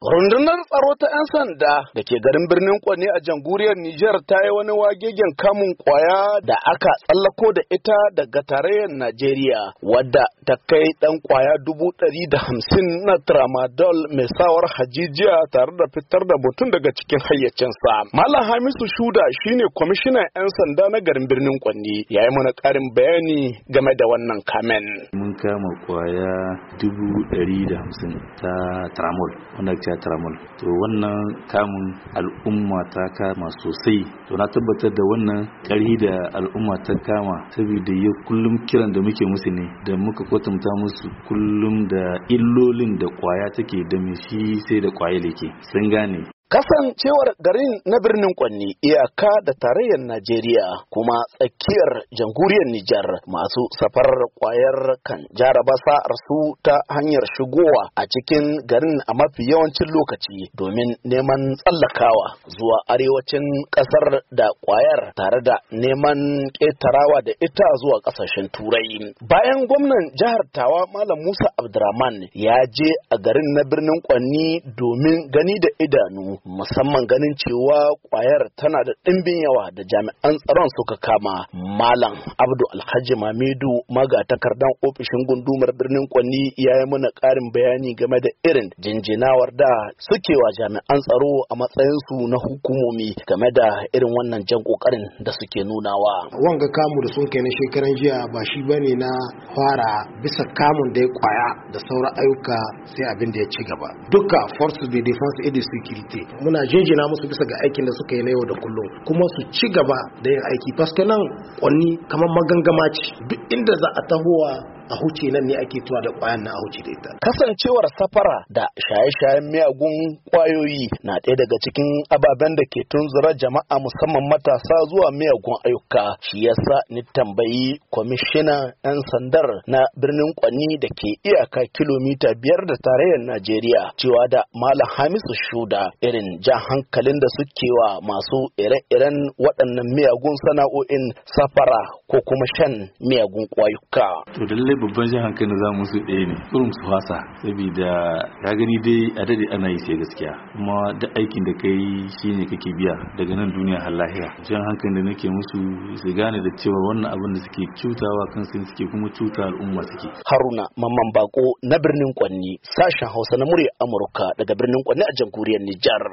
그런 데는 뭐 tsaro ta 'yan sanda da ke garin birnin Kwane a jamhuriyar Nijar ta yi wani wagegen kamun kwaya da aka tsallako da ita daga tarayyar Najeriya wadda ta kai dan kwaya dubu ɗari da hamsin na tramadol mai sawar hajijiya tare da fitar da mutum daga cikin hayyacinsa. Malam Hamisu Shuda shine kwamishinan 'yan sanda na garin birnin Kwane ya yi mana ƙarin bayani game da wannan kamen. Mun kama kwaya dubu ɗari da hamsin ta tramol, wanda ta tramol. To da wannan kamun al'umma ta kama sosai to na tabbatar da wannan ƙarhi da al'umma ta kama saboda yau kullum kiran da muke musu ne da muka kwatanta musu kullum da illolin da kwaya take da shi sai da kwaye leke sun gane Kasancewar garin na birnin Kwanni iyaka da tarayyar Najeriya kuma tsakiyar jamhuriyar Nijar masu safar kwayar kan jaraba su ta hanyar shigowa a cikin garin a mafi yawancin lokaci domin neman tsallakawa zuwa arewacin kasar da kwayar tare da neman ƙetarawa da ita zuwa ƙasashen turai. Bayan gwamnan jihar Tawa Malam Musa Abdurrahman ya je a garin na birnin Kwanni domin gani da idanu musamman ganin cewa kwayar tana da ɗimbin yawa da jami'an tsaron suka kama malam abdu alhaji mamidu magatakardan ofishin gundumar birnin kwanni ya yi mana ƙarin bayani game da irin jinjinawar da suke wa jami'an tsaro a matsayinsu na hukumomi game da irin wannan jan ƙoƙarin da suke nunawa. wanga kamu da sun kai na shekaran jiya ba shi bane na fara bisa kamun da ya kwaya da sauran ayyuka sai abin da ya ci gaba duka force de defense et de sécurité muna jinjina musu bisa ga aikin da suka yi na yau da kullum kuma su ci gaba da yin aiki faske nan kwanni kamar magangama ce duk inda za a tahowa a huce nan ne ake tuwa da kwayan nan a huce da ita kasancewar safara da shaye-shayen miyagun kwayoyi na ɗaya daga cikin ababen da ke tunzura jama'a musamman matasa zuwa miyagun ayyuka shi yasa ni tambayi kwamishina 'yan sandar na birnin kwani da ke iyaka kilomita biyar da tarayyar najeriya cewa da malam hamisu shuda irin jan hankalin da suke wa masu ire-iren waɗannan miyagun sana'o'in safara ko kuma shan miyagun kwayuka. babban jan hankali za mu su ɗaya ne kurum su fasa saboda ya gani dai a dade ana yi sai gaskiya kuma da aikin da kai shine kake biya daga nan duniya har lahira jan hankali da nake musu su gane da cewa wannan abin da suke cutawa kan kansu suke kuma cuta al'umma suke haruna mamman bako na birnin kwanni sashen hausa na murya amurka daga birnin kwanni a jamhuriyar nijar